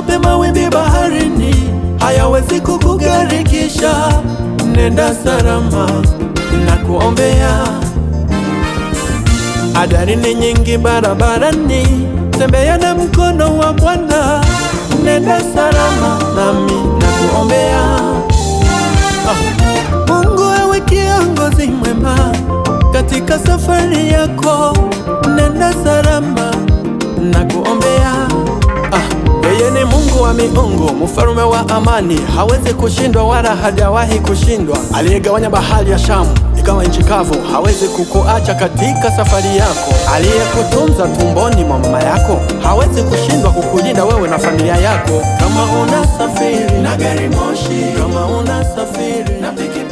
matope, mawimbi baharini hayawezi kukugarikisha. Nenda salama na kuombea. Adari ni nyingi barabarani, tembea na mkono wa Bwana. Nenda salama nami na kuombea. Oh, Mungu awe kiongozi mwema katika safari yako. Nenda salama na kuombea wa miungu, mfalume wa amani, hawezi kushindwa wala hajawahi kushindwa, aliyegawanya bahari ya Shamu ikawa nchi kavu, hawezi kukuacha katika safari yako, aliyekutunza tumboni mwa mama yako, hawezi kushindwa kukulinda wewe na familia yako, kama unasafiri na gari moshi, kama unasafiri na pikipiki